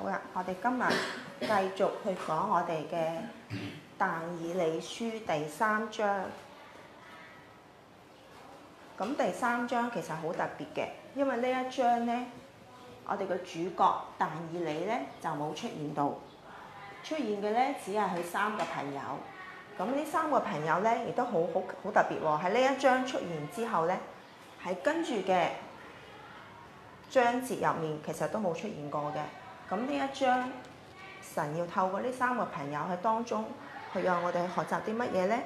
好啦，我哋今日繼續去講我哋嘅《但以理書》第三章。咁第三章其實好特別嘅，因為呢一章咧，我哋嘅主角但以理咧就冇出現到，出現嘅咧只係佢三個朋友。咁呢三個朋友咧亦都好好好特別喎。喺呢一章出現之後咧，喺跟住嘅章節入面其實都冇出現過嘅。咁呢一章，神要透過呢三個朋友喺當中，去讓我哋學習啲乜嘢呢？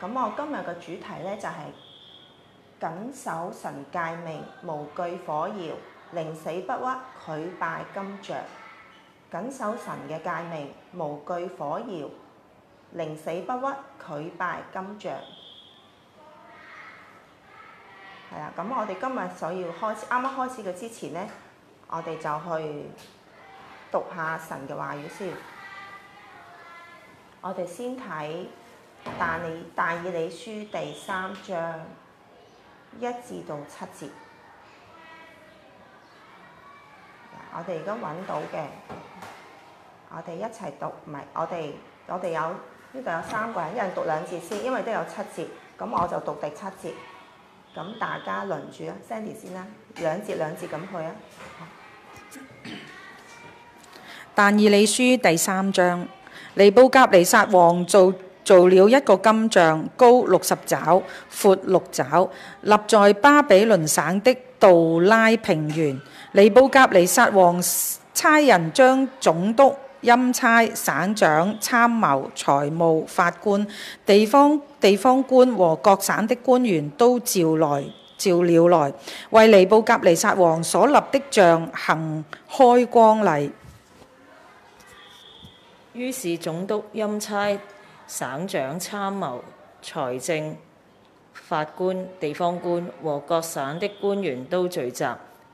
咁我今日嘅主題咧就係、是、謹守神誡命，無懼火窰，寧死不屈，拒拜金像。謹守神嘅誡命，無懼火窰，寧死不屈，拒拜金像。係啊，咁我哋今日所要開始，啱啱開始嘅之前呢，我哋就去，讀下神嘅話語先。我哋先睇但你但以理書第三章一至到七節。我哋而家揾到嘅，我哋一齊讀，唔係我哋我哋有呢度有三個人，一人讀兩節先，因為都有七節。咁我就讀第七節。咁大家輪住啊，Sandy 先啦，兩節兩節咁去啊。但以理書第三章，尼布甲尼撒王做做了一個金像，高六十爪，闊六爪，立在巴比倫省的杜拉平原。尼布甲尼撒王差人將總督、欽差、省長、參謀、財務法官、地方地方官和各省的官員都召來，召了來，為尼布甲尼撒王所立的像行開光禮。於是總督、欽差、省長、參謀、財政法官、地方官和各省的官員都聚集，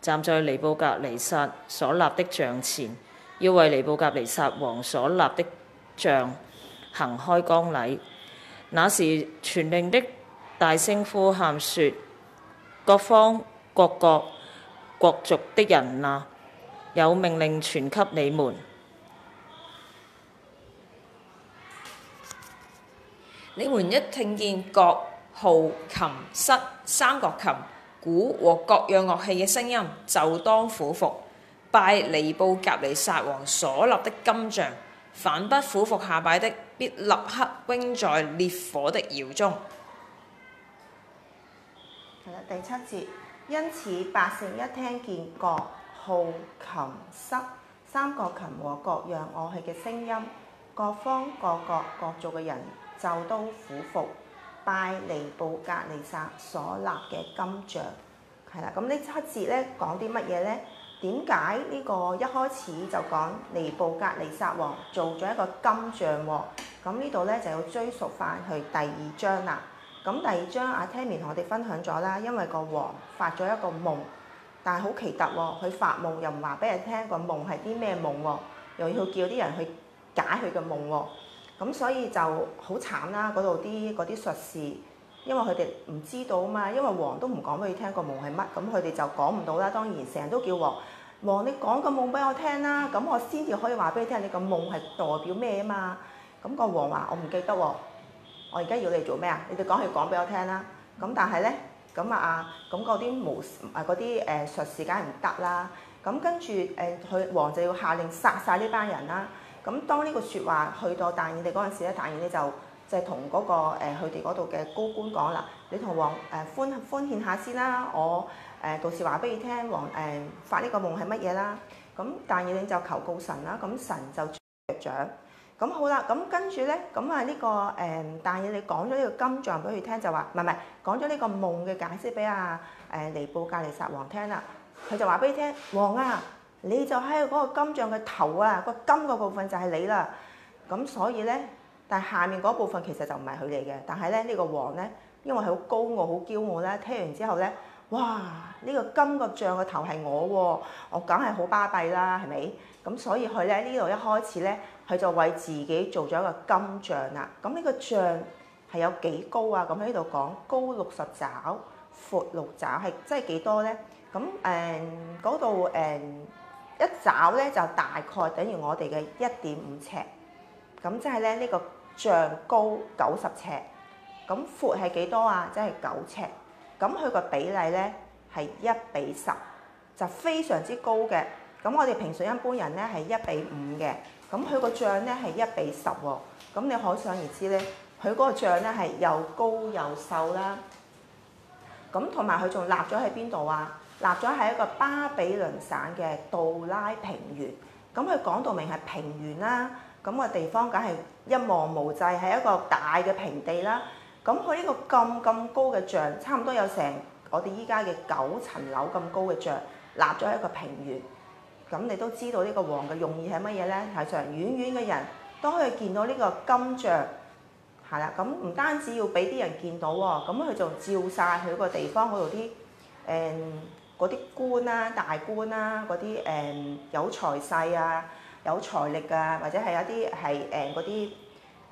站在尼布甲尼撒所立的像前，要為尼布甲尼撒王所立的像行開光禮。那時傳令的，大聲呼喊說：各方各、各國各族的人啊，有命令傳給你們。你們一聽見角號、琴瑟、三角琴、鼓和各樣樂器嘅聲音，就當俯伏，拜尼布甲尼撒王所立的金像。凡不俯伏下拜的，必立刻扔在烈火的窯中。係啦，第七節。因此百姓一聽見角號、琴瑟、三角琴和各樣樂器嘅聲音，各方各國各族嘅人，就都俯伏拜尼布格尼撒所立嘅金像，係啦。咁呢七節咧講啲乜嘢咧？點解呢個一開始就講尼布格尼撒王做咗一個金像喎？咁呢度咧就要追溯翻去第二章啦。咁第二章阿 Tammy 同我哋分享咗啦，因為個王發咗一個夢，但係好奇特喎，佢、啊、發夢又唔話俾人聽個夢係啲咩夢喎、啊，又要叫啲人去解佢嘅夢喎。啊咁所以就好慘啦，嗰度啲嗰啲術士，因為佢哋唔知道啊嘛，因為王都唔講俾佢聽個夢係乜，咁佢哋就講唔到啦。當然成日都叫王，王你講個夢俾我聽啦，咁我先至可以話俾你聽，你個夢係代表咩啊嘛。咁個王話：我唔記得喎，我而家要你做咩啊？你哋講佢講俾我聽啦。咁但係咧，咁啊啊，咁啲巫啊嗰啲誒術士梗係唔得啦。咁跟住誒，佢、呃、王就要下令殺晒呢班人啦。咁當呢個説話去到但以理嗰陣時咧，但以理就就同嗰個佢哋嗰度嘅高官講啦，你同王誒寬寬限下先啦，我誒到，呃、時話俾你聽，王誒，呃、發呢個夢係乜嘢啦？咁但以理就求告神啦，咁神就賜獎。咁好啦，咁跟住咧，咁啊呢個誒但以理講咗呢個金像俾佢聽，就話唔係唔係講咗呢個夢嘅解釋俾阿誒尼布甲尼撒王聽啦，佢就話俾佢聽，王啊！你就喺嗰個金像嘅頭啊，個金嘅部分就係你啦。咁所以咧，但係下面嗰部分其實就唔係佢哋嘅。但係咧，呢個王咧，因為係好高傲、好驕傲啦。聽完之後咧，哇！呢個金個像嘅頭係我、啊，我梗係好巴閉啦，係咪？咁所以佢咧呢度一開始咧，佢就為自己做咗一個金像啦。咁呢個像係有幾高啊？咁喺呢度講高六十爪，闊六爪，係即係幾多咧？咁誒嗰度誒？嗯一肘咧就大概等於我哋嘅一點五尺，咁即係咧呢個像高九十尺，咁闊係幾多啊？即係九尺，咁佢個比例咧係一比十，就非常之高嘅。咁我哋平常一般人咧係一比五嘅，咁佢個像咧係一比十喎。咁你可想而知咧，佢嗰個像咧係又高又瘦啦。咁同埋佢仲立咗喺邊度啊？立咗喺一個巴比倫省嘅杜拉平原，咁佢講到明係平原啦，咁個地方梗係一望無際，係一個大嘅平地啦。咁佢呢個咁咁高嘅像，差唔多有成我哋依家嘅九層樓咁高嘅像，立咗喺一個平原。咁你都知道呢個王嘅用意係乜嘢咧？係從遠遠嘅人都可以見到呢個金像，係啦。咁唔單止要俾啲人見到喎，咁佢就照晒佢個地方嗰度啲誒。嗰啲官啦、啊、大官啦、啊、嗰啲誒有才勢啊、有財力啊，或者係一啲係誒嗰啲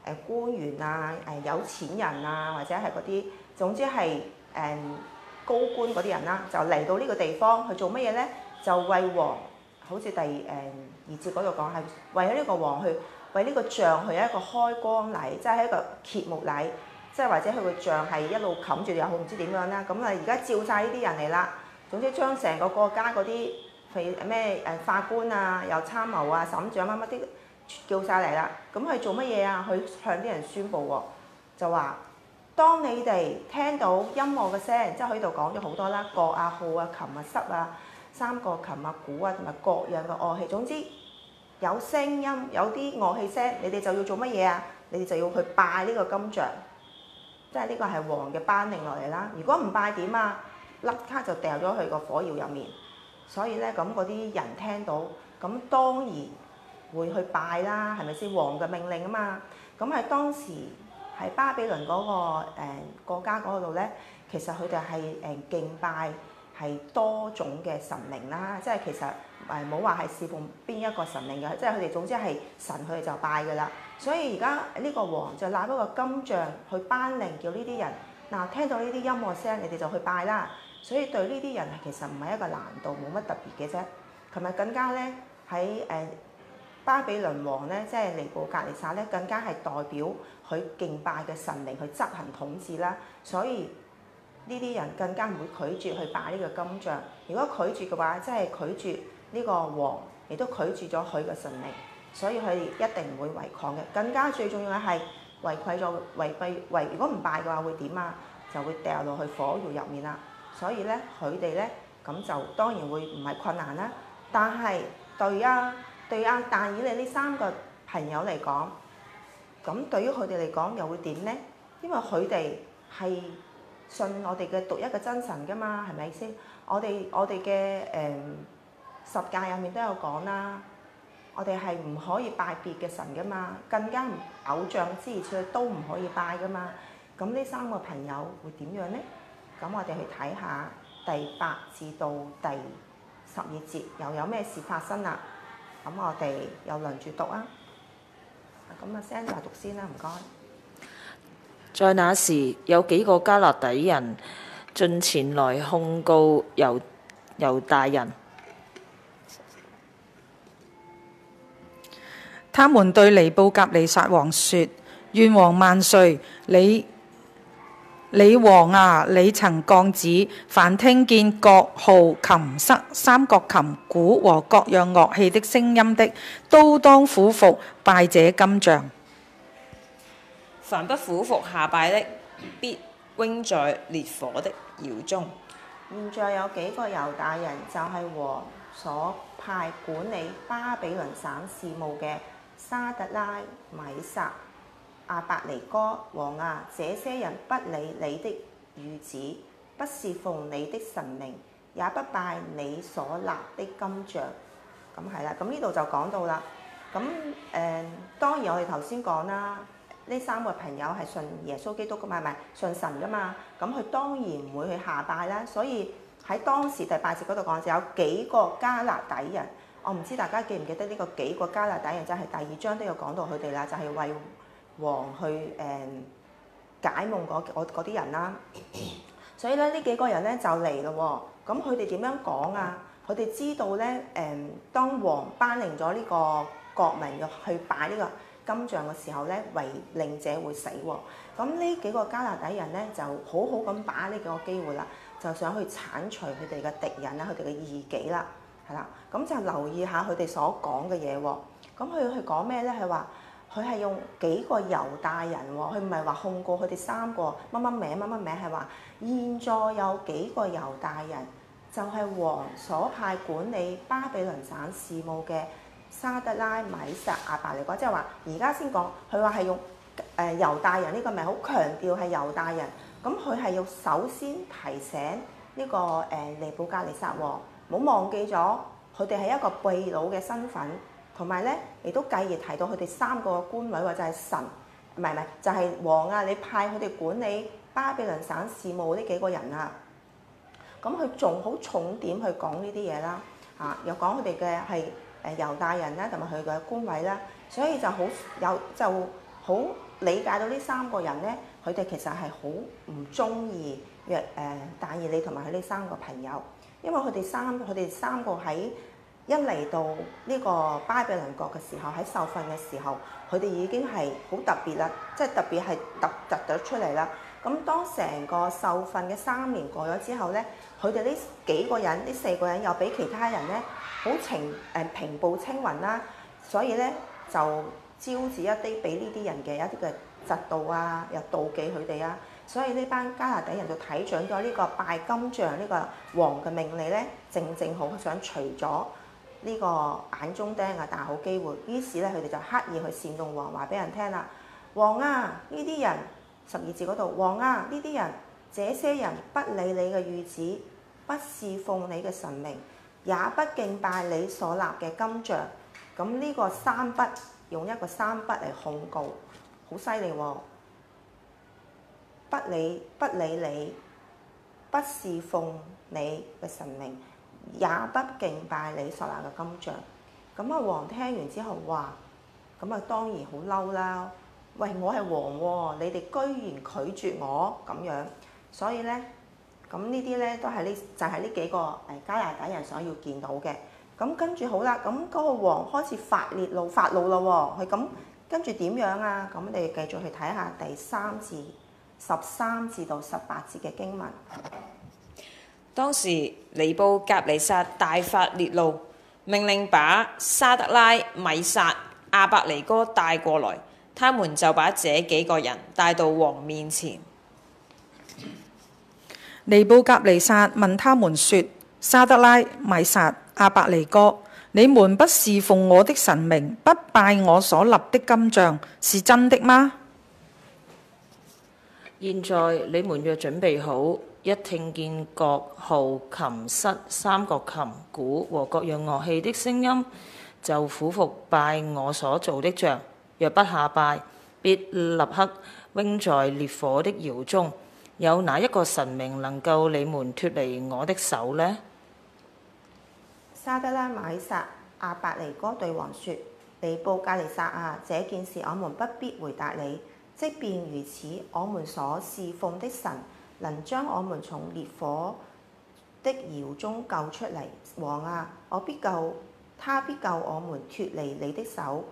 誒官員啊、誒、嗯、有錢人啊，或者係嗰啲總之係誒、嗯、高官嗰啲人啦、啊，就嚟到呢個地方去做乜嘢咧？就為王，好似第誒二節嗰度講係為咗呢個王去為呢個像去一個開光禮，即係一個揭幕禮，即係或者佢個像係一路冚住又好唔知點樣啦。咁啊，而家照晒呢啲人嚟啦。總之，將成個國家嗰啲，譬如咩誒法官啊、又參謀啊、省長啊乜啲叫晒嚟啦。咁佢做乜嘢啊？佢向啲人宣佈喎，就話：當你哋聽到音樂嘅聲，即係喺度講咗好多啦，角啊、號啊、琴啊、瑟啊，三角琴啊、鼓啊同埋各樣嘅樂器，總之有聲音，有啲樂器聲，你哋就要做乜嘢啊？你哋就要去拜呢個金像，即係呢個係王嘅班令落嚟啦。如果唔拜點啊？立刻就掉咗去個火窯入面，所以咧咁嗰啲人聽到，咁當然會去拜啦，係咪先王嘅命令啊嘛？咁喺當時喺巴比倫嗰、嗰個誒、呃、國家嗰度咧，其實佢哋係誒敬拜係多種嘅神明啦，即係其實誒冇話係侍奉邊一個神明嘅，即係佢哋總之係神佢哋就拜噶啦。所以而家呢個王就拿嗰個金像去頒令，叫呢啲人嗱、呃、聽到呢啲音樂聲，你哋就去拜啦。所以對呢啲人其實唔係一個難度，冇乜特別嘅啫。同埋更加咧喺誒巴比倫王咧，即係尼布格利撒咧，更加係代表佢敬拜嘅神靈去執行統治啦。所以呢啲人更加唔會拒絕去拜呢個金像。如果拒絕嘅話，即係拒絕呢個王，亦都拒絕咗佢嘅神靈，所以佢一定唔會違抗嘅。更加最重要係違規咗違規違。如果唔拜嘅話，會點啊？就會掉落去火窰入面啦。所以咧，佢哋咧，咁就當然會唔係困難啦。但係對啊，對啊，但以理呢三個朋友嚟講，咁對於佢哋嚟講又會點咧？因為佢哋係信我哋嘅獨一嘅真神噶嘛，係咪先？我哋我哋嘅誒十戒入面都有講啦，我哋係唔可以拜別嘅神噶嘛，更加唔偶像之類都唔可以拜噶嘛。咁呢三個朋友會點樣咧？咁我哋去睇下第八至到第十二節又有咩事發生啦？咁我哋又輪住讀啊！咁啊，Sam 就讀先啦，唔該。在那時，有幾個迦勒底人進前來控告猶猶大人， 他們對尼布甲尼撒王說：願王萬歲！你你王啊，你曾降旨：凡聽見角號、琴瑟、三角琴、鼓和各樣樂器的聲音的，都當俯伏拜這金像。凡不俯伏下拜的，必扔在烈火的窯中。現在有幾個猶大人，就係、是、王所派管理巴比倫省事務嘅沙特拉米撒。阿伯尼哥王啊，這些人不理你的諭旨，不事奉你的神明，也不拜你所立的金像，咁係啦。咁呢度就講到啦。咁、嗯、誒，當然我哋頭先講啦，呢三個朋友係信耶穌基督噶嘛，唔係信神噶嘛。咁佢當然唔會去下拜啦。所以喺當時第八節嗰度講就有幾個加勒底人，我唔知大家記唔記得呢個幾個加勒底人，就係、是、第二章都有講到佢哋啦，就係、是。為。王去誒、嗯、解夢嗰啲人啦， 所以咧呢幾個人咧就嚟咯喎，咁佢哋點樣講啊？佢哋知道咧誒、嗯，當王頒令咗呢個國民去擺呢個金像嘅時候咧，違令者會死喎。咁呢幾個加拿大人咧就好好咁把握呢幾個機會啦，就想去剷除佢哋嘅敵人啦，佢哋嘅異己啦，係啦,咁就留意下佢哋所講嘅嘢喎。咁佢佢講咩咧？佢話。佢係用幾個猶大人喎、哦，佢唔係話控告佢哋三個乜乜名乜乜名，係話現在有幾個猶大人就係、是、王所派管理巴比倫省事務嘅沙德拉米沙、米、就、沙、是、亞伯嚟講，即係話而家先講，佢話係用誒猶大人呢個名好強調係猶大人，咁佢係要首先提醒呢個誒尼布甲尼撒王，唔好忘記咗佢哋係一個俘虜嘅身份。同埋咧，亦都繼而提到佢哋三個嘅官位，或者係神，唔係唔係，就係、是、王啊！你派佢哋管理巴比倫省事務呢幾個人啊，咁佢仲好重點去講呢啲嘢啦，嚇、啊、又講佢哋嘅係誒猶大人咧，同埋佢嘅官位啦。所以就好有就好理解到呢三個人咧，佢哋其實係好唔中意約誒但以理同埋佢呢三個朋友，因為佢哋三佢哋三個喺。一嚟到呢個巴比倫國嘅時候，喺受訓嘅時候，佢哋已經係好特別啦，即係特別係突突咗出嚟啦。咁當成個受訓嘅三年過咗之後咧，佢哋呢幾個人，呢四個人又比其他人咧好情誒平步青雲啦。所以咧就招致一啲俾呢啲人嘅一啲嘅嫉妒啊，又妒忌佢哋啊。所以呢班迦勒底人就睇準咗呢個拜金像呢個王嘅命理咧，正正好佢想除咗。呢個眼中釘嘅、啊、大好機會，於是咧佢哋就刻意去煽動王話俾人聽啦。王啊，呢啲人十二字嗰度，王啊，呢啲人，這些人不理你嘅御旨，不侍奉你嘅神明，也不敬拜你所立嘅金像。咁呢個三不，用一個三不嚟控告，好犀利喎！不理不理你，不侍奉你嘅神明。也不敬拜李索那嘅金像，咁、那、阿、個、王聽完之後話：咁啊當然好嬲啦！喂，我係王喎，哦，你哋居然拒絕我咁樣，所以咧，咁呢啲咧都係呢，就係、是、呢幾個誒迦勒底人所要見到嘅。咁跟住好啦，咁、那、嗰個王開始發烈怒、發怒咯喎，係咁跟住點樣啊？咁你哋繼續去睇下第三節、十三節到十八節嘅經文。當時尼布甲尼撒大發烈怒，命令把沙德拉、米殺、阿伯尼哥帶過來。他們就把這幾個人帶到王面前。尼布甲尼撒問他們說：沙德拉、米殺、阿伯尼哥，你們不侍奉我的神明，不拜我所立的金像，是真的嗎？現在你們若準備好。一聽見各號琴瑟、三角琴、鼓和各樣樂器的聲音，就俯伏拜我所造的像。若不下拜，必立刻扔在烈火的窯中。有哪一個神明能夠你們脱離我的手呢？沙得拉、米煞、亞伯尼歌對王說：尼布甲尼撒啊，這件事我們不必回答你。即便如此，我們所侍奉的神。能將我們從烈火的窯中救出嚟，王啊，我必救他，必救我們脱離你的手。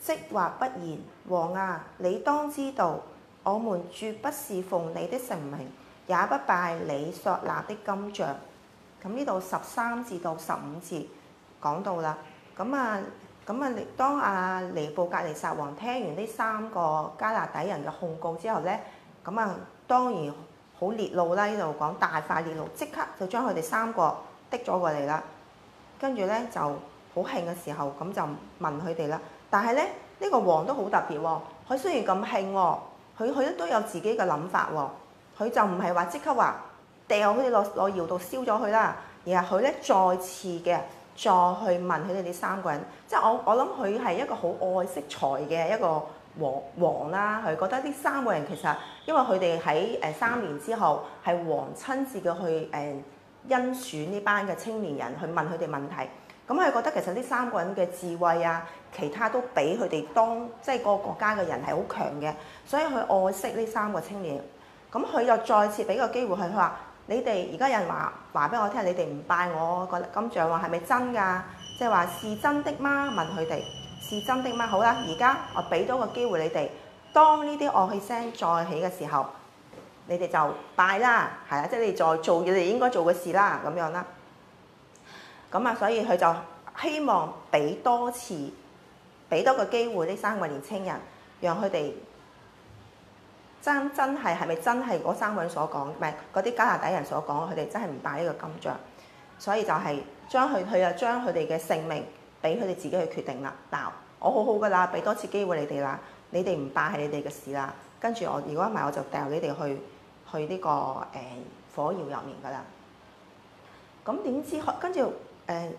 即或不然。王啊，你當知道，我們絕不事奉你的神明，也不拜你所立的金像。咁呢度十三至到十五節講到啦。咁啊，咁啊，當阿、啊、尼布格尼撒王聽完呢三個加拿底人嘅控告之後呢，咁啊當然。好烈怒啦！呢度講大塊烈怒，即刻就將佢哋三個滴咗過嚟啦。跟住咧就好嬲嘅時候，咁就問佢哋啦。但係咧呢、呢個王都好特別喎、哦，佢雖然咁嬲，佢佢都有自己嘅諗法喎、哦。佢就唔係話即刻話掉佢哋落，落窰度燒咗佢啦，而係佢咧再次嘅再去問佢哋啲三個人。即係我我諗佢係一個好愛惜才嘅一個。王王啦，佢覺得呢三個人其實，因為佢哋喺誒三年之後，係王親自嘅去誒甄、呃、選呢班嘅青年人去問佢哋問題。咁佢覺得其實呢三個人嘅智慧啊，其他都比佢哋當即係個國家嘅人係好強嘅，所以佢愛惜呢三個青年。咁佢又再次俾個機會佢，佢話：你哋而家有人話話俾我聽，你哋唔拜我個金像話，話係咪真㗎？即係話是真的嗎？問佢哋。是真的嗎？好啦，而家我俾多個機會你哋，當呢啲樂器聲再起嘅時候，你哋就拜啦，係啊，即係你哋再做嘢，你哋應該做嘅事啦，咁樣啦。咁啊，所以佢就希望俾多次，俾多個機會呢三個年青人，讓佢哋真真係係咪真係嗰三個人所講，唔係嗰啲加拿大人所講，佢哋真係唔拜呢個金像，所以就係將佢佢又將佢哋嘅性命俾佢哋自己去決定啦。嗱。我好好噶啦，俾多次機會你哋啦，你哋唔拜係你哋嘅事啦。跟住我，如果唔係我就掉你哋去去呢、這個誒、欸、火窯入面噶啦。咁、嗯、點知跟住誒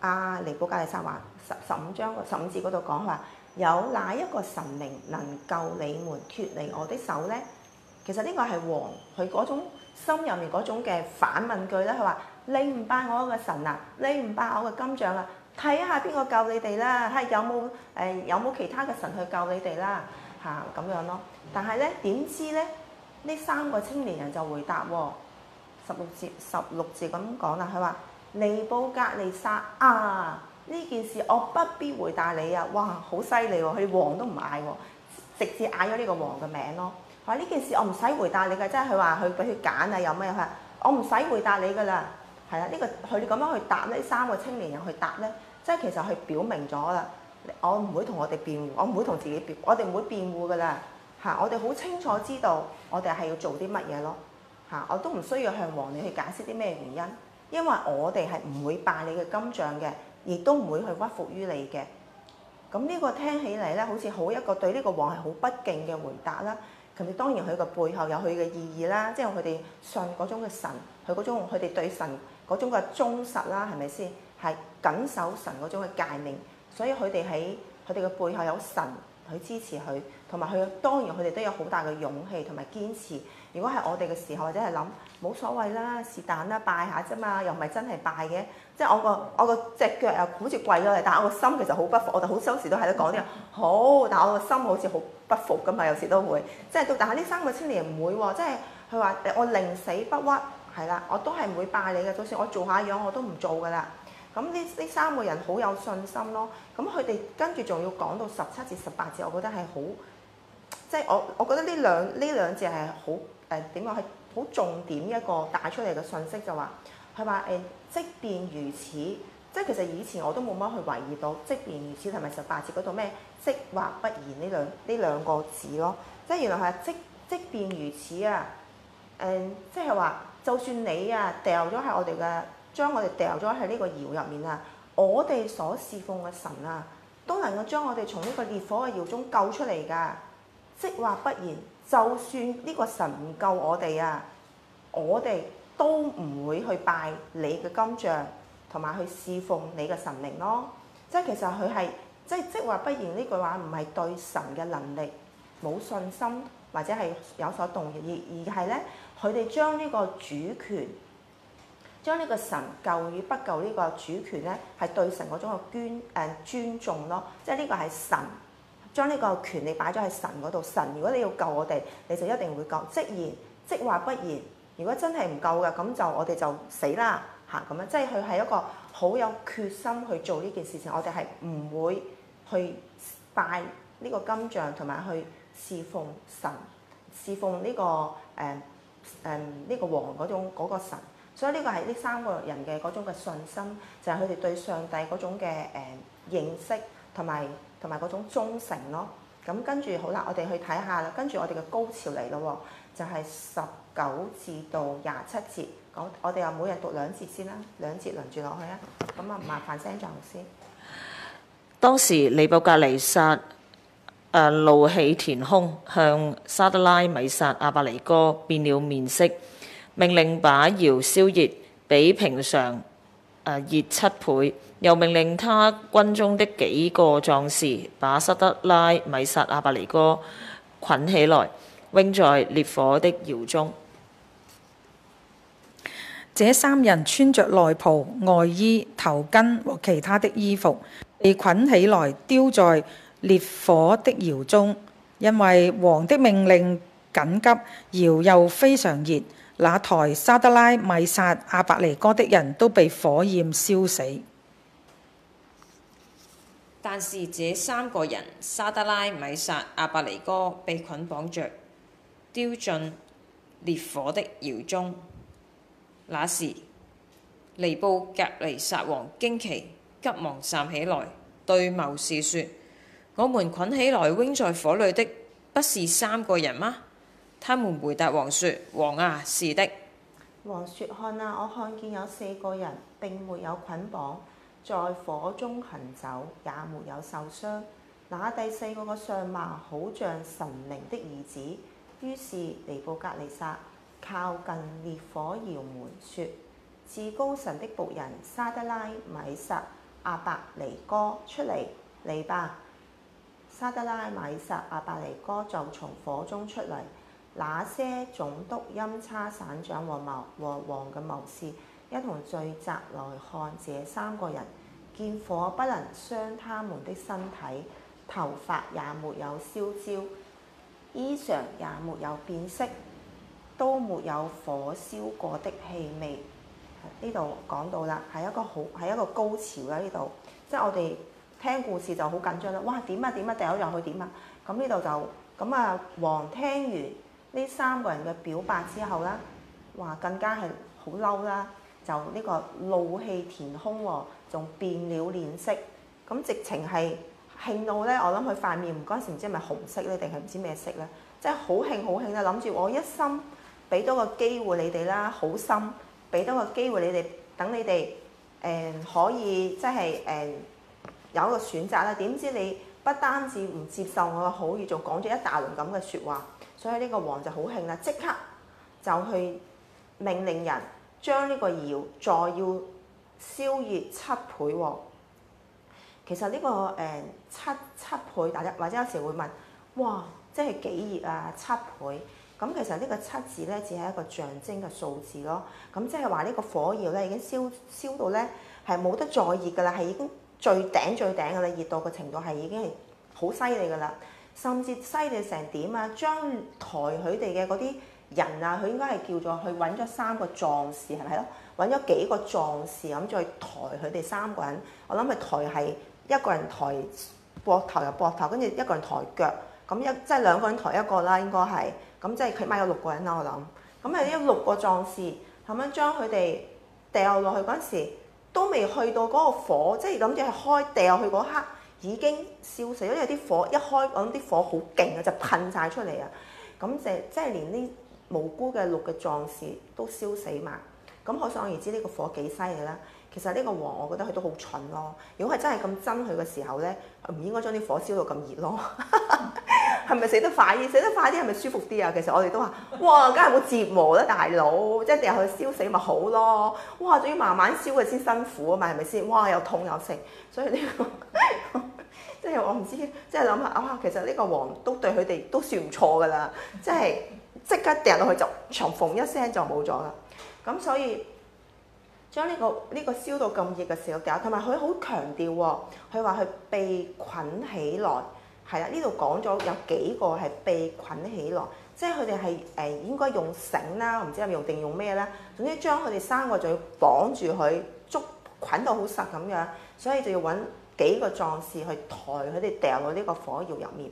阿尼布加利沙話十十五章十五節嗰度講，佢話有哪一個神靈能夠你們脱離我的手咧？其實呢個係王佢嗰種心入面嗰種嘅反問句咧，佢話你唔拜我嘅神啊，你唔拜我嘅金像啊！睇下邊個救你哋啦？睇下有冇，誒有冇其他嘅神去救你哋啦嚇，咁樣咯。但係咧點知咧？呢三個青年人就回答喎，十六字十六字咁講啦。佢話尼布格利撒啊，呢件事我不必回答你啊！哇，好犀利喎！佢哋王都唔嗌喎，直接嗌咗呢個王嘅名咯。話呢件事我唔使回答你㗎，即係佢話佢俾佢揀啊，有咩又我唔使回答你㗎啦。係啦，呢、呢個佢哋咁樣去答呢三個青年人去答咧。即係其實佢表明咗啦，我唔會同我哋辯護，我唔會同自己辯，我哋唔會辯護噶啦嚇。我哋好清楚知道，我哋係要做啲乜嘢咯嚇。我都唔需要向王你去解釋啲咩原因，因為我哋係唔會拜你嘅金像嘅，亦都唔會去屈服於你嘅。咁呢個聽起嚟咧，好似好一個對呢個王係好不敬嘅回答啦。其實當然佢個背後有佢嘅意義啦，即係佢哋信嗰種嘅神，佢嗰種佢哋對神嗰種嘅忠實啦，係咪先？係緊守神嗰種嘅誡命，所以佢哋喺佢哋嘅背後有神去支持佢，同埋佢當然佢哋都有好大嘅勇氣同埋堅持。如果係我哋嘅時候，或者係諗冇所謂啦，是但啦，拜下啫嘛，又唔係真係拜嘅，即係我個我個隻腳又好似跪咗嚟，但係我個心其實好不服，我就好有時都喺度講呢話好，但係我個心好似好不服㗎嘛，有時都會即係到，但係呢三個青年唔會喎，即係佢話我寧死不屈係啦，我都係唔會拜你嘅，就算我做下樣我都唔做㗎啦。咁呢呢三個人好有信心咯，咁佢哋跟住仲要講到十七至十八節，我覺得係好，即係我我覺得呢兩呢兩節係好誒點講係好重點一個帶出嚟嘅信息就話，佢話誒即便如此，即係其實以前我都冇乜去懷疑到即便如此同埋十八節嗰度咩，即或不然呢兩呢兩個字咯，即係原來係即即便如此啊，誒即係話就算你啊掉咗喺我哋嘅。將我哋掉咗喺呢個窯入面啊！我哋所侍奉嘅神啊，都能夠將我哋從呢個烈火嘅窯中救出嚟㗎。即話不然，就算呢個神唔救我哋啊，我哋都唔會去拜你嘅金像，同埋去侍奉你嘅神明咯、啊。即其實佢係即即話不然呢句話，唔係對神嘅能力冇信心，或者係有所動搖，而係咧佢哋將呢個主權。將呢個神救與不救呢個主權咧，係對神嗰種嘅尊誒尊重咯。即係呢個係神將呢個權利擺咗喺神嗰度。神如果你要救我哋，你就一定會救。即然即話不然，如果真係唔救嘅，咁就我哋就死啦嚇咁樣。即係佢係一個好有決心去做呢件事情。我哋係唔會去拜呢個金像，同埋去侍奉神、侍奉呢個誒誒呢個王嗰種嗰個神。所以呢個係呢三個人嘅嗰種嘅信心，就係佢哋對上帝嗰種嘅誒認識同埋同埋嗰種忠誠咯。咁跟住好啦，我哋去睇下啦。跟住我哋嘅高潮嚟咯，就係十九至到廿七節。我我哋又每日讀兩節先啦，兩節輪住落去啊。咁啊，麻煩聲，張老師。當時尼布甲尼撒誒怒氣填胸，向沙得拉、米煞、亞伯尼歌變了面色。命令把窯燒熱，比平常誒、啊、熱七倍。又命令他軍中的幾個壯士把沙得拉、米煞、亞伯尼歌捆起來，扔在烈火的窯中。這三人穿着內袍、外衣、頭巾和其他的衣服，被捆起來丟在烈火的窯中，因為王的命令緊急，窯又非常熱。那台沙德拉米撒阿伯尼哥的人都被火焰燒死，但是這三個人沙德拉米撒阿伯尼哥被捆綁着丟進烈火的窑中。那時尼布甲尼撒王驚奇，急忙站起來對謀士說：我們捆起來扔在火裡的不是三個人嗎？他們回答王說：王啊，是的。王說，看啊，我看見有四個人並沒有捆綁在火中行走，也沒有受傷。那第四個個相貌好像神靈的兒子。於是尼布格尼撒靠近烈火窰門說，至高神的僕人沙德拉米撒阿伯尼哥出嚟嚟吧！沙德拉米撒阿伯尼哥就從火中出嚟。那些總督、欽差、省長和謀和王嘅謀士一同聚集來看這三個人，見火不能傷他們的身體，頭髮也沒有燒焦，衣裳也沒有變色，都沒有火燒過的氣味。呢度講到啦，係一個好係一個高潮啦。呢度即係我哋聽故事就好緊張啦。哇！點啊點啊，掉咗、啊、入去點啊咁呢度就咁啊，王聽完呢三個人嘅表白之後啦，話更加係好嬲啦，就呢個怒氣填胸喎，仲變了臉色，咁直情係慶到咧。我諗佢塊面唔嗰時唔知係咪紅色咧，定係唔知咩色咧，即係好慶好慶咧，諗住我一心俾多個機會你哋啦，好心俾多個機會你哋，等你哋誒、呃、可以即係誒、呃、有一個選擇啦。點知你不單止唔接受我嘅好意，仲講咗一大輪咁嘅説話。所以呢個王就好興啦，即刻就去命令人將呢個窯再要燒熱七倍喎、哦。其實呢、呢個誒、呃、七七倍或者或者有時會問，哇，即係幾熱啊？七倍咁其實呢個七字咧，只係一個象徵嘅數字咯。咁即係話呢個火窯咧已經燒燒到咧係冇得再熱㗎啦，係已經最頂最頂㗎啦，熱到個程度係已經係好犀利㗎啦。甚至犀利成點啊？將抬佢哋嘅嗰啲人啊，佢應該係叫做去揾咗三個壯士係咪咯？揾咗幾個壯士咁再抬佢哋三個人，我諗佢抬係一個人抬膊頭又膊頭，跟住一個人抬腳，咁一即係兩個人抬一個啦，應該係咁即係起碼有六個人啦，我諗。咁係一六個壯士咁樣將佢哋掉落去嗰時都未去到嗰個火，即係諗住係開掉去嗰刻。已經燒死咗，因為啲火一開，咁啲火好勁啊，就噴晒出嚟啊，咁就即係連啲無辜嘅六嘅壯士都燒死埋。咁可想而知呢個火幾犀利啦。其實呢個王，我覺得佢都好蠢咯。如果係真係咁憎佢嘅時候咧，唔應該將啲火燒到咁熱咯。係 咪死得快啲？死得快啲係咪舒服啲啊？其實我哋都話，哇，梗係冇折磨啦，大佬，即係掉落去燒死咪好咯。哇，仲要慢慢燒佢先辛苦啊嘛，係咪先？哇，又痛又食，所以呢、這個即係 我唔知，即係諗下啊，其實呢個王都對佢哋都算唔錯噶啦。即係即刻掉落去就重逢一聲就冇咗啦。咁所以。將呢、這個呢、這個燒到咁熱嘅時候搞，同埋佢好強調喎，佢話佢被捆起來，係啦，呢度講咗有幾個係被捆起來，即係佢哋係誒應該用繩啦，唔知用定用咩啦，總之將佢哋三個就要綁住佢，捉捆到好實咁樣，所以就要揾幾個壯士去抬佢哋掉落呢個火窰入面，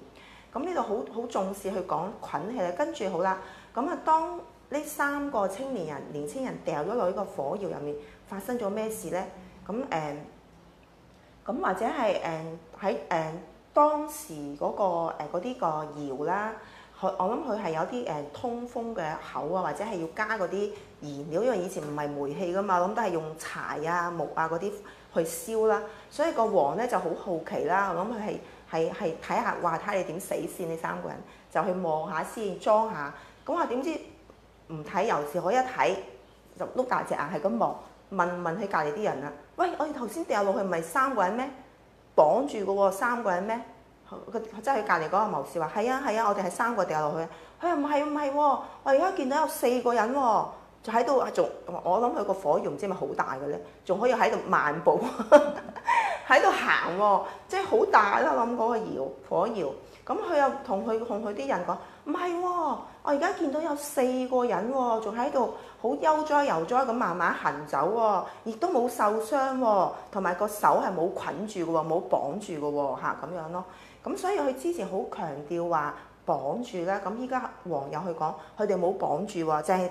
咁呢度好好重視去講捆起來，跟住好啦，咁、嗯、啊當。呢三個青年人、年青人掉咗落呢個火窯入面，發生咗咩事咧？咁誒咁或者係誒喺誒當時嗰、那個嗰啲、呃、個窯啦，我我諗佢係有啲誒、呃、通風嘅口啊，或者係要加嗰啲燃料，因為以前唔係煤氣噶嘛，我諗都係用柴啊木啊嗰啲去燒啦，所以個王咧就好好奇啦，我諗佢係係係睇下，話睇你點死先，呢三個人就去望下先裝下，咁話點知？唔睇，猶自可，一睇就碌大隻眼係咁望，問問佢隔離啲人啦、啊。喂，我哋頭先掉落去唔係三個人咩？綁住、嗰個喎，三個人咩？佢即係佢隔離嗰個謀士話：係啊係啊，我哋係三個掉落去。佢又唔係唔係喎，我而家見到有四個人喎、哦，仲喺度仲我諗佢個火窰唔知係咪好大嘅咧，仲可以喺度漫步喺度行，即係好大啦、啊！我諗嗰個窰火窰。咁佢又同佢同佢啲人講，唔係喎，我而家見到有四個人喎、哦，仲喺度好悠哉悠哉咁慢慢行走喎、哦，亦都冇受傷喎、哦，同埋個手係冇捆住嘅喎，冇綁住嘅喎、哦，嚇咁樣咯、哦。咁所以佢之前好強調話綁住啦，咁依家王又去講，佢哋冇綁住喎，淨係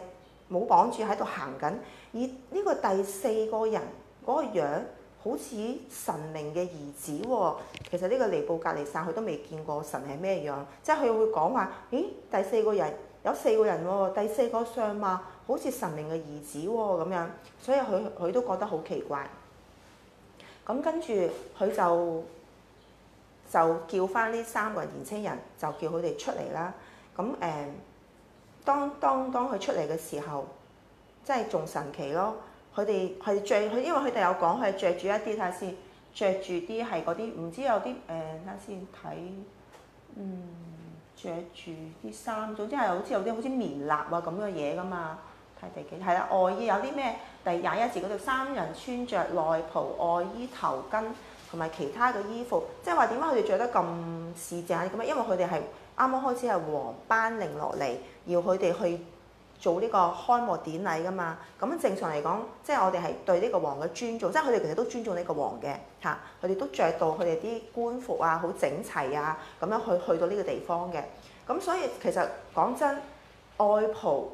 冇綁住喺度行緊，而呢個第四個人嗰個樣。好似神明嘅兒子喎、哦，其實呢個尼布格尼撒佢都未見過神係咩樣，即係佢會講話，咦第四個人有四個人喎、哦，第四個相貌好似神明嘅兒子喎、哦、咁樣，所以佢佢都覺得好奇怪。咁跟住佢就就叫返呢三個人年輕人，就叫佢哋出嚟啦。咁誒，當當當佢出嚟嘅時候，即係仲神奇咯。佢哋佢着佢，因為佢哋有講，佢係着住一啲睇下先，着住啲係嗰啲唔知有啲誒睇下先睇，嗯，着住啲衫，總之係好似有啲好似棉襪啊咁嘅嘢㗎嘛。睇第幾係啦，外衣有啲咩？第廿一節嗰度，三人穿着內袍、外衣、頭巾同埋其他嘅衣服，即係話點解佢哋着得咁似正咁啊？因為佢哋係啱啱開始係黃斑令落嚟，要佢哋去。做呢個開幕典禮噶嘛，咁正常嚟講，即係我哋係對呢個王嘅尊重，即係佢哋其實都尊重呢個王嘅嚇，啊，佢哋都着到佢哋啲官服啊，好整齊啊，咁樣去去到呢個地方嘅。咁所以其實講真，外袍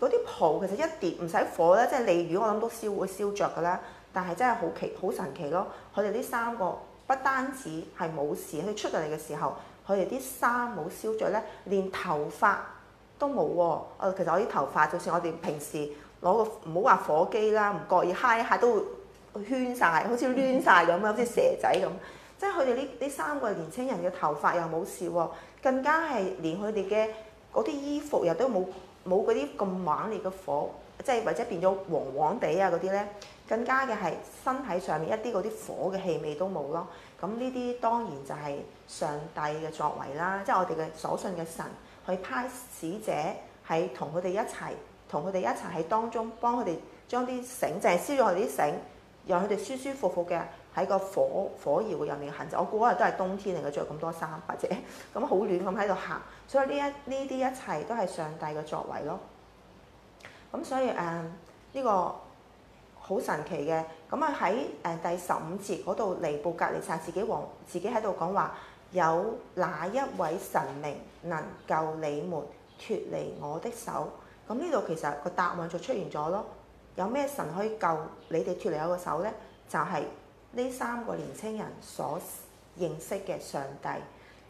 嗰啲袍其實一碟唔使火咧，即係例如我諗都會燒會燒着㗎啦。但係真係好奇好神奇咯，佢哋呢三個不單止係冇事，佢出到嚟嘅時候，佢哋啲衫冇燒着咧，連頭髮。都冇喎、哦，其實我啲頭髮，就算我哋平時攞個，唔好話火機啦，唔覺意揩一下都會圈晒，好似攣晒咁樣，好似蛇仔咁。即係佢哋呢呢三個年輕人嘅頭髮又冇事喎、哦，更加係連佢哋嘅嗰啲衣服又都冇冇嗰啲咁猛烈嘅火，即係或者變咗黃黃地啊嗰啲咧，更加嘅係身體上面一啲嗰啲火嘅氣味都冇咯。咁呢啲當然就係上帝嘅作為啦，即係我哋嘅所信嘅神。去派使者，喺同佢哋一齊，同佢哋一齊喺當中幫佢哋將啲繩，淨係燒咗佢啲繩，讓佢哋舒舒服服嘅喺個火火窯嘅入面行。我估日都係冬天嚟嘅，着咁多衫或者咁好暖咁喺度行。所以呢一呢啲一切都係上帝嘅作為咯。咁所以誒呢、嗯呢個好神奇嘅。咁啊喺誒第十五節嗰度，尼布格尼撒自己王自己喺度講話。有哪一位神明能夠你們脫離我的手？咁呢度其實個答案就出現咗咯。有咩神可以救你哋脫離我嘅手呢？就係呢三個年青人所認識嘅上帝，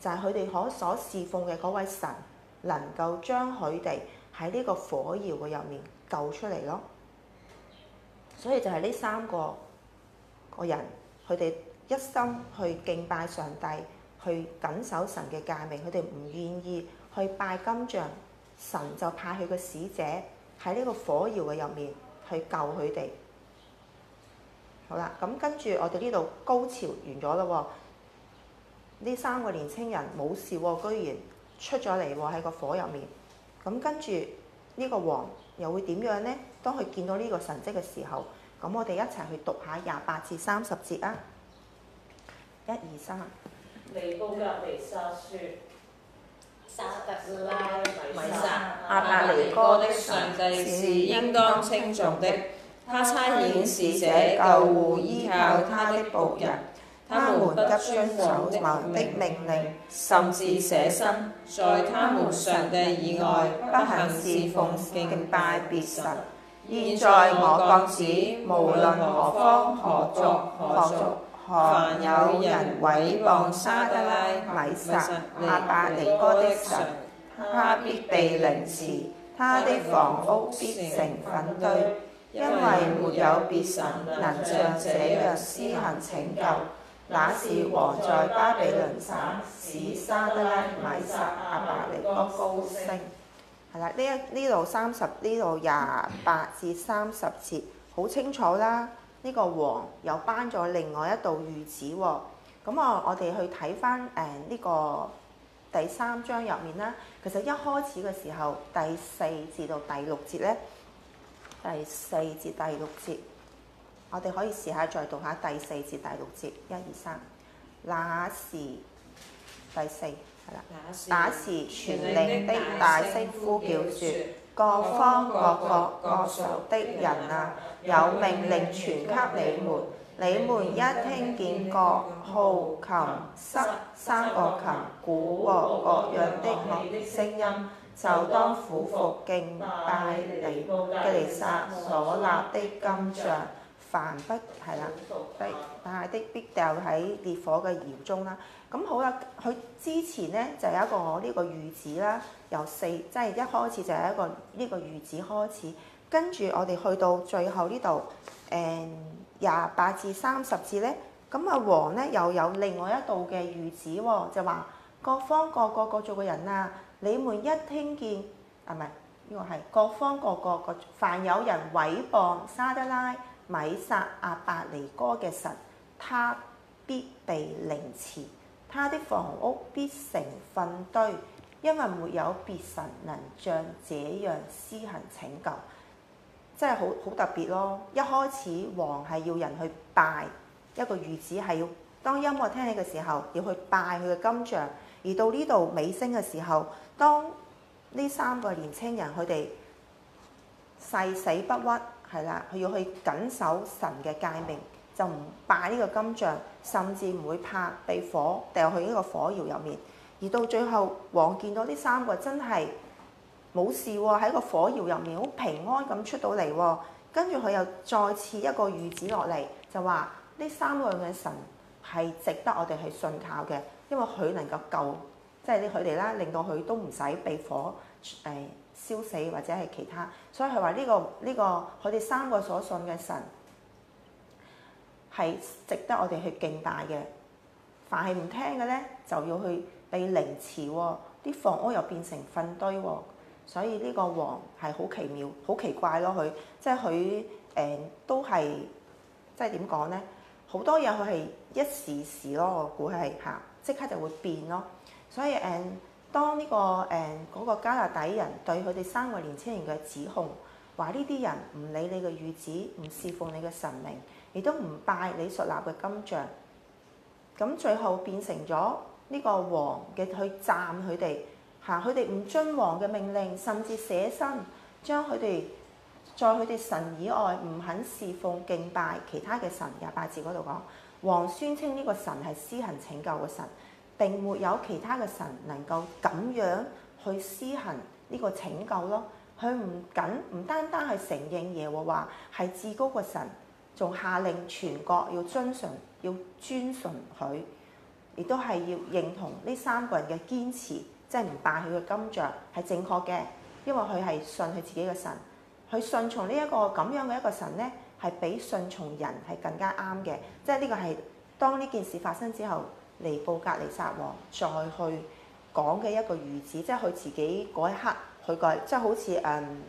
就係佢哋可所侍奉嘅嗰位神，能夠將佢哋喺呢個火窯嘅入面救出嚟咯。所以就係呢三個個人，佢哋一心去敬拜上帝。去謹守神嘅誡命，佢哋唔願意去拜金像，神就派佢個使者喺呢個火窯嘅入面去救佢哋。好啦，咁跟住我哋呢度高潮完咗啦。呢三個年青人冇事喎，居然出咗嚟喎喺個火入面。咁跟住呢個王又會點樣呢？當佢見到呢個神跡嘅時候，咁我哋一齊去讀下廿八至三十節啊！一、二、三。亞伯尼哥的上帝是應當稱頌的，他差遣使者救護依靠他的僕人，他們不屈尊受的命令，甚至捨身，在他們上帝以外不肯事奉敬拜別神。現在我降旨無論何方何國何族、何有人毀謗沙德拉、米撒、阿伯尼哥的神，他必被凌遲，他的房屋必成糞堆，因為沒有別神能像這樣施行拯救。那是王在巴比倫省使沙德拉、米撒、阿伯尼哥高升。係啦，呢一呢度三十呢度廿八至三十節，好清楚啦。呢個王又頒咗另外一道御旨喎、哦，咁、嗯、啊、嗯，我哋去睇翻誒呢個第三章入面啦。其實一開始嘅時候，第四節到第六節咧，第四節第六節，我哋可以試下再讀下第四節第六節。一、二、三，那時第四，係啦，那時時傳令的大，大聲呼叫説。各方各國各族的人啊，有命令傳給你們，你們一聽見各號琴、塞三個琴、鼓和各，各樣的樂聲音，就當俯伏敬拜尼基利撒所立的金像，凡不係啦的，但係的必掉喺烈火嘅窯中啦、啊。咁、嗯、好啦、啊，佢之前咧就有一個我呢個諭旨啦，由四即係一開始就有一個呢個諭旨開始，跟住我哋去到最後、嗯、呢度，誒廿八至三十節咧，咁、啊、阿王咧又有另外一道嘅諭旨喎、哦，就話各方各國各，各，各，各族嘅人啊，你們一聽見啊咪，呢個係各方各國各，各，各凡有人毀謗沙得拉、米煞、亞伯尼歌嘅神，他必被凌遲。他的房屋必成糞堆，因為沒有別神能像這樣施行拯救，真係好好特別咯！一開始王係要人去拜一個御子，係要當音樂聽起嘅時候，要去拜佢嘅金像；而到呢度尾聲嘅時候，當呢三個年青人佢哋誓死不屈，係啦，佢要去謹守神嘅誡命。就唔拜呢個金像，甚至唔會怕被火掉去呢個火窯入面。而到最後，王見到呢三個真係冇事喎，喺個火窯入面好平安咁出到嚟。跟住佢又再次一個預旨落嚟，就話呢三個嘅神係值得我哋去信靠嘅，因為佢能夠救，即係佢哋啦，令到佢都唔使被火誒燒死或者係其他。所以佢話呢個呢個，佢哋三個所信嘅神。係值得我哋去敬拜嘅。凡係唔聽嘅咧，就要去被凌遲喎、哦。啲房屋又變成糞堆喎、哦。所以呢個王係好奇妙、好奇怪咯。佢即係佢誒都係即係點講咧？好多嘢佢係一時時咯，我估係嚇即刻就會變咯。所以誒、嗯，當呢、這個誒嗰、嗯那個迦勒底人對佢哋三個年青人嘅指控，話呢啲人唔理你嘅諭旨，唔侍奉你嘅神明。亦都唔拜你所立嘅金像，咁最後變成咗呢個王嘅去讚佢哋嚇。佢哋唔遵王嘅命令，甚至捨身將佢哋在佢哋神以外唔肯侍奉敬拜其他嘅神。廿八節嗰度講王宣稱呢個神係施行拯救嘅神，並沒有其他嘅神能夠咁樣去施行呢個拯救咯。佢唔僅唔單單係承認耶和華係至高嘅神。仲下令全國要遵從，要尊崇佢，亦都係要認同呢三個人嘅堅持，即係唔拜佢嘅金像係正確嘅，因為佢係信佢自己嘅神，佢順從呢、這、一個咁樣嘅一個神咧，係比順從人係更加啱嘅，即係呢個係當呢件事發生之後，尼布甲尼撒王再去講嘅一個諭旨，即係佢自己嗰一刻，佢改、那個、即係好似嗯。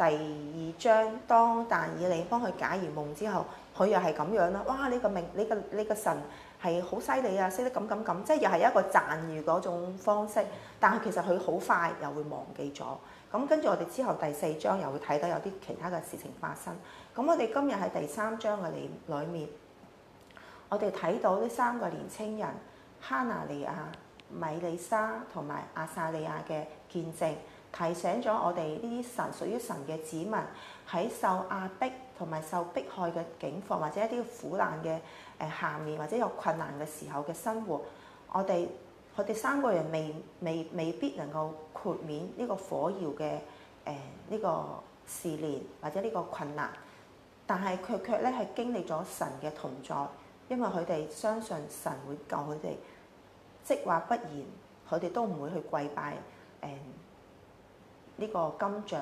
第二章，當但以你幫佢解完夢之後，佢又係咁樣啦。哇！呢個命，你個你個神係好犀利啊，識得咁咁咁，即係又係一個讚譽嗰種方式。但係其實佢好快又會忘記咗。咁跟住我哋之後第四章又會睇到有啲其他嘅事情發生。咁我哋今日喺第三章嘅裏裏面，我哋睇到呢三個年青人哈拿利亞、米利莎同埋阿撒利亞嘅見證。提醒咗我哋呢啲神屬於神嘅子民喺受壓迫同埋受迫害嘅境況或者一啲苦難嘅誒下面，或者有困難嘅時候嘅生活我，我哋佢哋三個人未未未必能夠豁免呢個火窰嘅誒呢個試煉或者呢個困難但續續，但係佢卻咧係經歷咗神嘅同在，因為佢哋相信神會救佢哋。即話不然，佢哋都唔會去跪拜誒。呃呢個金像，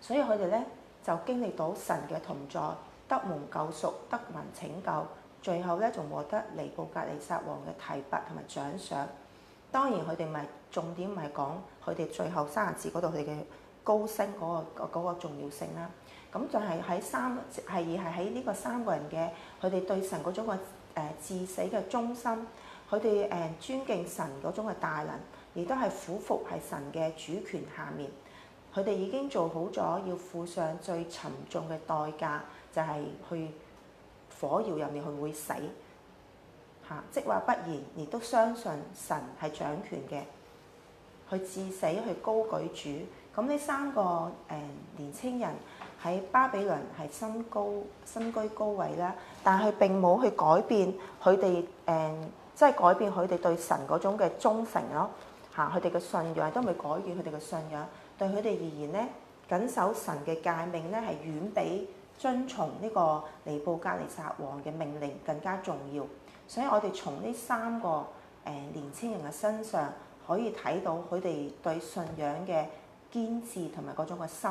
所以佢哋咧就經歷到神嘅同在，得蒙救贖，得蒙拯救，最後咧仲獲得尼布甲尼撒王嘅提拔同埋獎賞。當然佢哋咪重點唔係講佢哋最後三十字嗰度佢哋嘅高升嗰、那個那個那個重要性啦。咁就係喺三係而喺呢個三個人嘅佢哋對神嗰種嘅誒至死嘅忠心，佢哋誒尊敬神嗰種嘅大能。亦都係俯伏喺神嘅主權下面，佢哋已經做好咗，要付上最沉重嘅代價，就係、是、去火窯入面佢會死嚇、啊。即話不然，亦都相信神係掌權嘅，去至死去高舉主。咁呢三個誒年青人喺巴比倫係身高身居高位啦，但係並冇去改變佢哋誒，即、嗯、係、就是、改變佢哋對神嗰種嘅忠誠咯。嚇！佢哋嘅信仰都未改變，佢哋嘅信仰對佢哋而言咧，謹守神嘅誡命咧，係遠比遵從呢個尼布甲尼撒王嘅命令更加重要。所以我哋從呢三個誒年輕人嘅身上，可以睇到佢哋對信仰嘅堅持同埋嗰種嘅心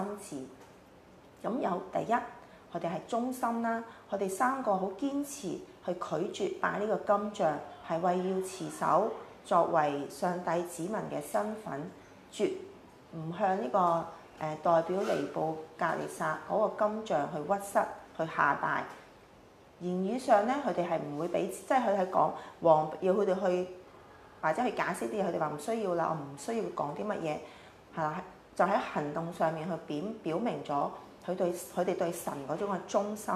志。咁有第一，佢哋係忠心啦。佢哋三個好堅持去拒絕拜呢個金像，係為要持守。作為上帝子民嘅身份，絕唔向呢個誒代表尼布格列撒尼布甲尼撒嗰個金像去屈膝去下拜。言語上咧，佢哋係唔會俾，即係佢喺講王要佢哋去或者去解釋啲嘢，佢哋話唔需要啦，我唔需要講啲乜嘢嚇。就喺行動上面去表表明咗佢對佢哋對神嗰種嘅忠心，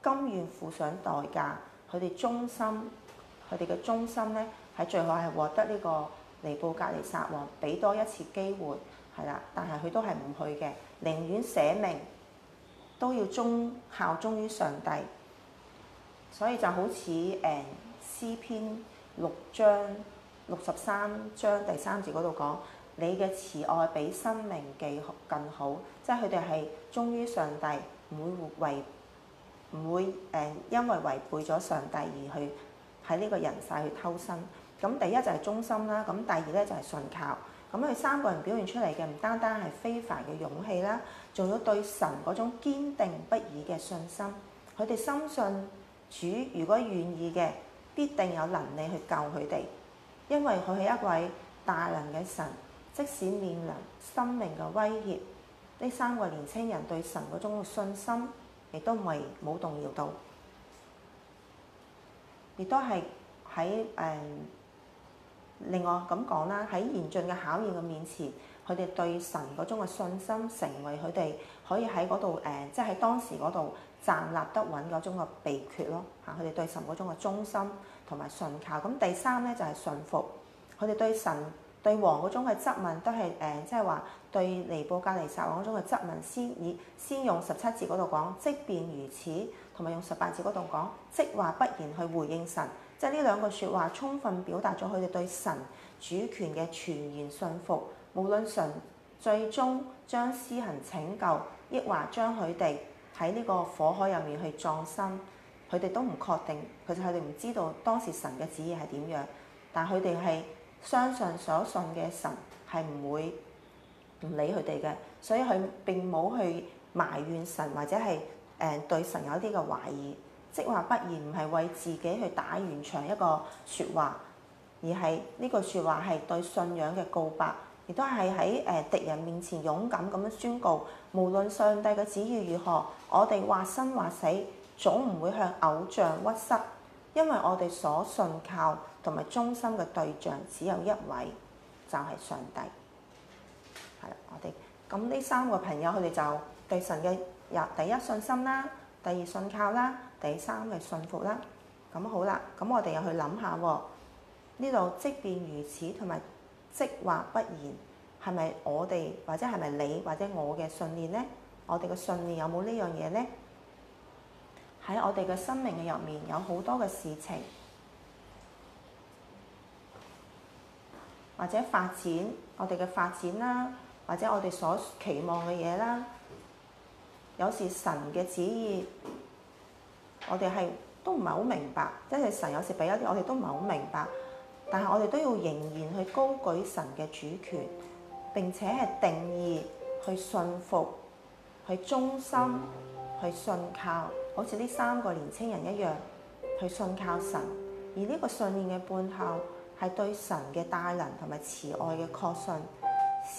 甘願付上代價。佢哋忠心，佢哋嘅忠心咧。喺最後係獲得呢個尼布甲尼撒王俾多一次機會係啦，但係佢都係唔去嘅，寧願捨命都要忠孝忠於上帝，所以就好似誒、嗯、詩篇六章六十三章第三節嗰度講，你嘅慈愛比生命記更好，即係佢哋係忠於上帝，唔會為唔會誒、嗯、因為違背咗上帝而去喺呢個人世去偷生。咁第一就係忠心啦，咁第二咧就係信靠。咁佢三個人表現出嚟嘅唔單單係非凡嘅勇氣啦，仲有對神嗰種堅定不移嘅信心。佢哋深信主如果願意嘅，必定有能力去救佢哋，因為佢係一位大能嘅神。即使面臨生命嘅威脅，呢三個年青人對神嗰種信心亦都唔係冇動搖到，亦都係喺誒。嗯另外咁講啦，喺嚴峻嘅考驗嘅面前，佢哋對神嗰種嘅信心，成為佢哋可以喺嗰度誒，即係喺當時嗰度站立得穩嗰種嘅秘訣咯。嚇、呃，佢哋對神嗰種嘅忠心同埋信靠。咁、呃、第三咧就係、是、信服，佢哋對神對王嗰種嘅質問都係誒、呃，即係話對尼布加尼撒王嗰種嘅質問，先以先用十七節嗰度講，即便如此，同埋用十八節嗰度講，即話不然去回應神。即呢兩個説話，充分表達咗佢哋對神主權嘅全然信服。無論神最終將施行拯救，抑或將佢哋喺呢個火海入面去葬身，佢哋都唔確定，其實佢哋唔知道當時神嘅旨意係點樣。但佢哋係相信所信嘅神係唔會唔理佢哋嘅，所以佢並冇去埋怨神，或者係誒對神有一啲嘅懷疑。即話不然唔係為自己去打圓場一個説話，而係呢句説話係對信仰嘅告白，亦都係喺誒敵人面前勇敢咁樣宣告。無論上帝嘅旨意如何，我哋或生或死總唔會向偶像屈膝，因為我哋所信靠同埋忠心嘅對象只有一位，就係、是、上帝。係啦，我哋咁呢三個朋友，佢哋就對神嘅第一，第一信心啦，第二信靠啦。第三嘅信服啦，咁好啦，咁我哋又去諗下喎。哦，呢度即便如此，同埋即或不然，係咪我哋或者係咪你或者我嘅信念呢？我哋嘅信念有冇呢樣嘢呢？喺我哋嘅生命嘅入面，有好多嘅事情，或者發展，我哋嘅發展啦，或者我哋所期望嘅嘢啦，有時神嘅旨意。我哋係都唔係好明白，即係神有時俾一啲，我哋都唔係好明白。但係我哋都要仍然去高舉神嘅主權，並且係定義去信服、去忠心、去信靠，好似呢三個年青人一樣去信靠神。而呢個信念嘅背後係對神嘅大能同埋慈愛嘅確信，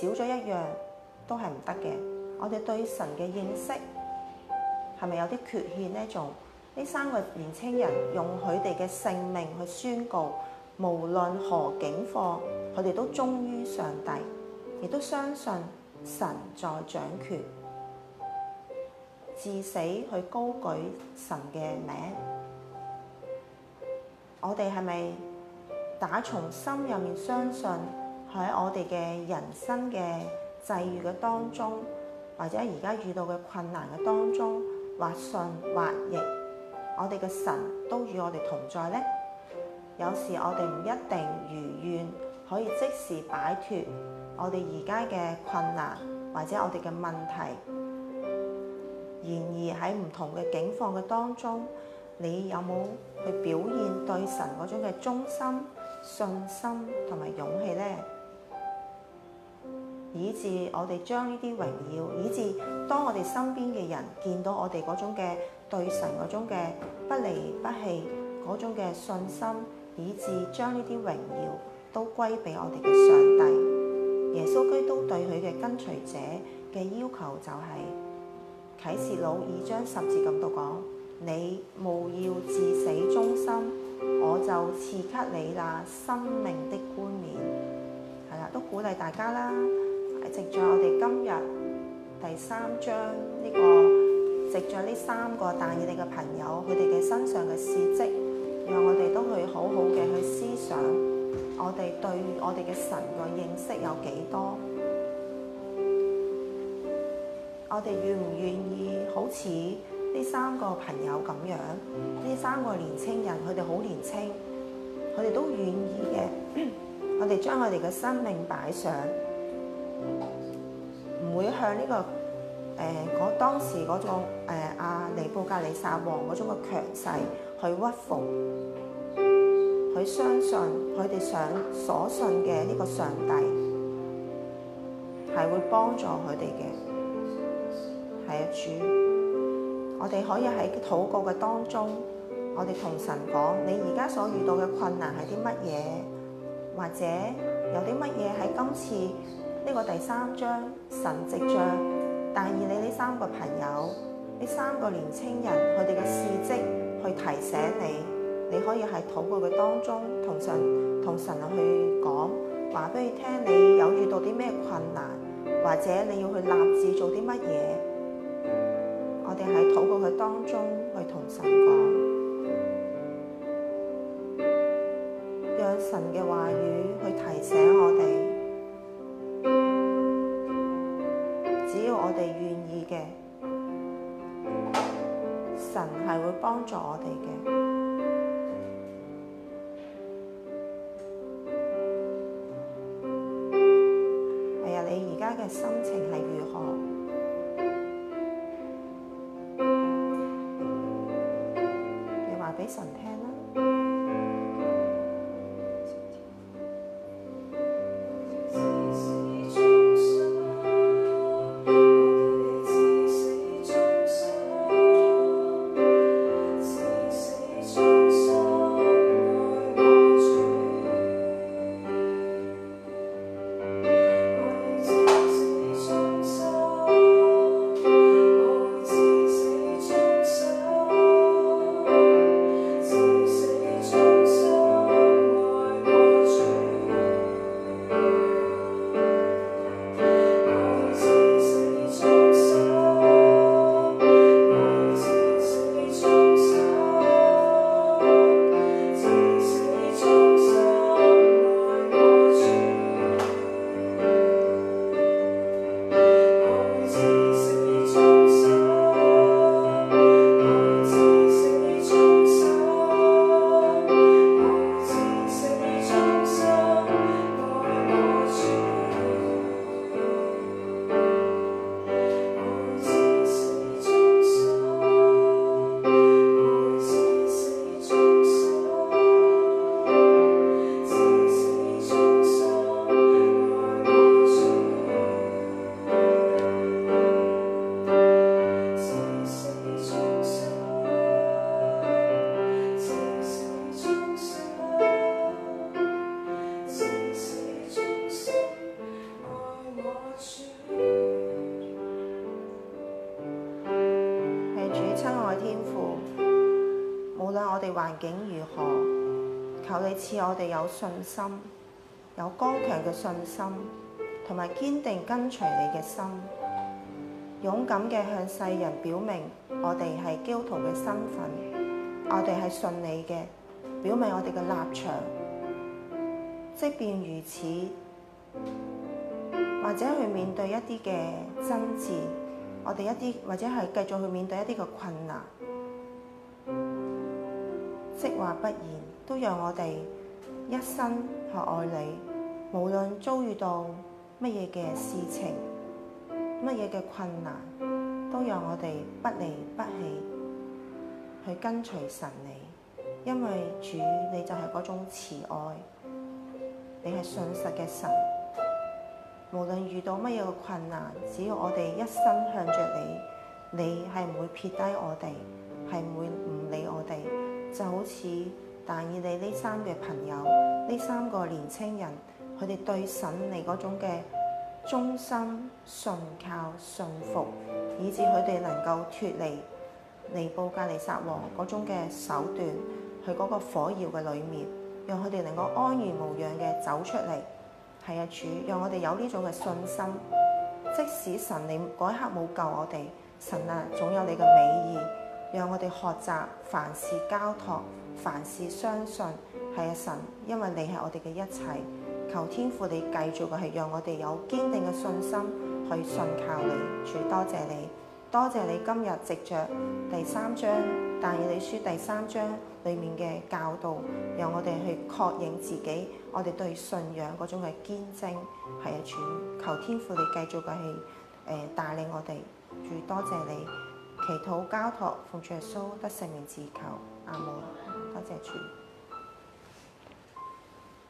少咗一樣都係唔得嘅。我哋對神嘅認識係咪有啲缺欠呢？仲？呢三個年青人用佢哋嘅性命去宣告，無論何境況，佢哋都忠於上帝，亦都相信神在掌權，至死佢高舉神嘅名。我哋係咪打從心入面相信喺我哋嘅人生嘅際遇嘅當中，或者而家遇到嘅困難嘅當中，或信或逆？我哋嘅神都與我哋同在呢。有時我哋唔一定如願，可以即時擺脱我哋而家嘅困難或者我哋嘅問題。然而喺唔同嘅境況嘅當中，你有冇去表現對神嗰種嘅忠心、信心同埋勇氣呢？以致我哋將呢啲榮耀，以致當我哋身邊嘅人見到我哋嗰種嘅對神嗰種嘅不離不棄嗰種嘅信心，以致將呢啲榮耀都歸俾我哋嘅上帝。耶穌基督對佢嘅跟隨者嘅要求就係、是，啟示錄二章十字咁度講：你務要至死忠心，我就賜給你啦生命的冠冕，係啦、啊，都鼓勵大家啦。藉著我哋今日第三章呢、這個，藉著呢三個但以理嘅朋友，佢哋嘅身上嘅事蹟，讓我哋都去好好嘅去思想，我哋對我哋嘅神嘅認識有幾多？我哋願唔願意好似呢三個朋友咁樣？呢三個年青人，佢哋好年青，佢哋都願意嘅。我哋將我哋嘅生命擺上。唔會向呢、這個誒，我、呃、當時嗰種誒阿尼布格里撒王嗰種嘅強勢去屈服，佢相信佢哋想所信嘅呢個上帝係會幫助佢哋嘅。係啊，主，我哋可以喺禱告嘅當中，我哋同神講你而家所遇到嘅困難係啲乜嘢，或者有啲乜嘢喺今次。呢個第三章神跡像，但以理你呢三個朋友，呢三個年青人，佢哋嘅事跡去提醒你，你可以喺禱告嘅當中同神同神去講話俾佢聽，你有遇到啲咩困難，或者你要去立志做啲乜嘢，我哋喺禱告嘅當中去同神講，讓神嘅話語去提醒我哋。願意嘅，神係會幫助我哋嘅。係、哎、啊，你而家嘅心情係如何？你話俾神聽啦。似我哋有信心，有剛強嘅信心，同埋堅定跟隨你嘅心，勇敢嘅向世人表明我哋係基督徒嘅身份，我哋係信你嘅，表明我哋嘅立場。即便如此，或者去面對一啲嘅爭戰，我哋一啲或者係繼續去面對一啲嘅困難。即話不然，都讓我哋一生去愛你。無論遭遇到乜嘢嘅事情，乜嘢嘅困難，都讓我哋不離不棄去跟隨神你。因為主你就係嗰種慈愛，你係信實嘅神。無論遇到乜嘢嘅困難，只要我哋一生向着你，你係唔會撇低我哋，係唔會唔理我哋。就好似但以理呢三個朋友，呢三個年青人，佢哋對神你嗰種嘅忠心、信靠、信服，以致佢哋能夠脫離尼布迦尼撒王嗰種嘅手段，去嗰個火窯嘅裏面，讓佢哋能夠安然無恙嘅走出嚟。係啊，主，讓我哋有呢種嘅信心，即使神你嗰一刻冇救我哋，神啊，總有你嘅美意。讓我哋學習，凡事交託，凡事相信係阿、啊、神，因為你係我哋嘅一切。求天父你繼續嘅係讓我哋有堅定嘅信心去信靠你。主，多謝，謝你，多謝你今日藉着第三章但以理書第三章裏面嘅教導，讓我哋去確認自己，我哋對信仰嗰種嘅堅貞係阿主。求天父你繼續嘅係誒帶領我哋。主，多謝，謝你。祈禱交託，奉主耶穌得勝名字求。阿門，多謝主。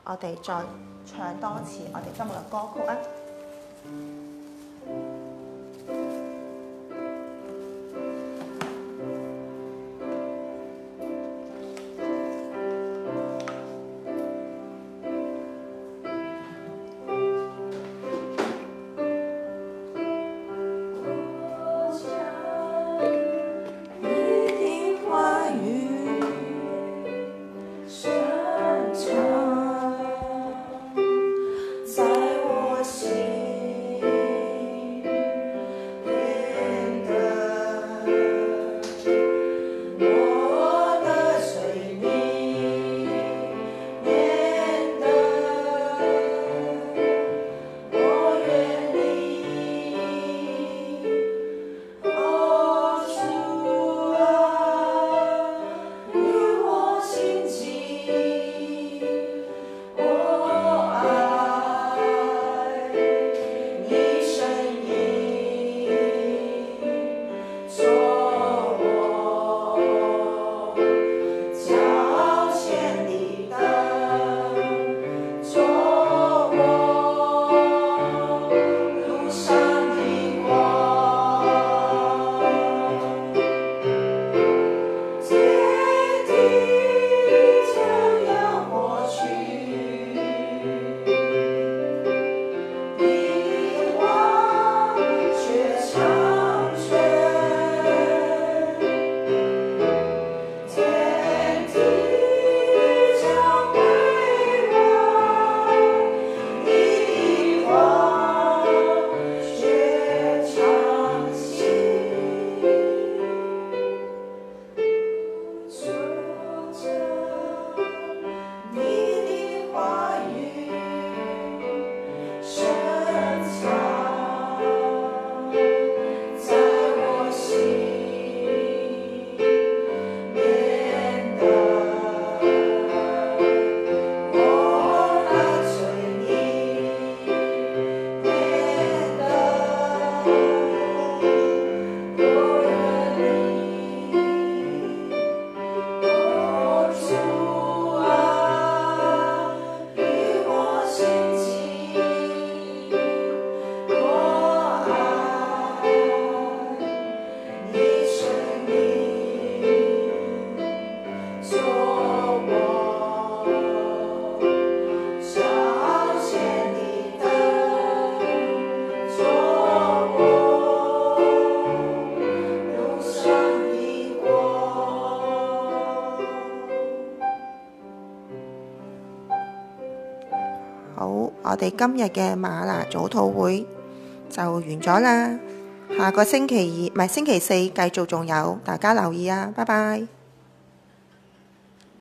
我哋再唱多次我哋今日嘅歌曲啊！今日嘅嗎哪早禱會就完咗啦，下個星期二，唔係，星期四，繼續仲有，大家留意啊，拜拜。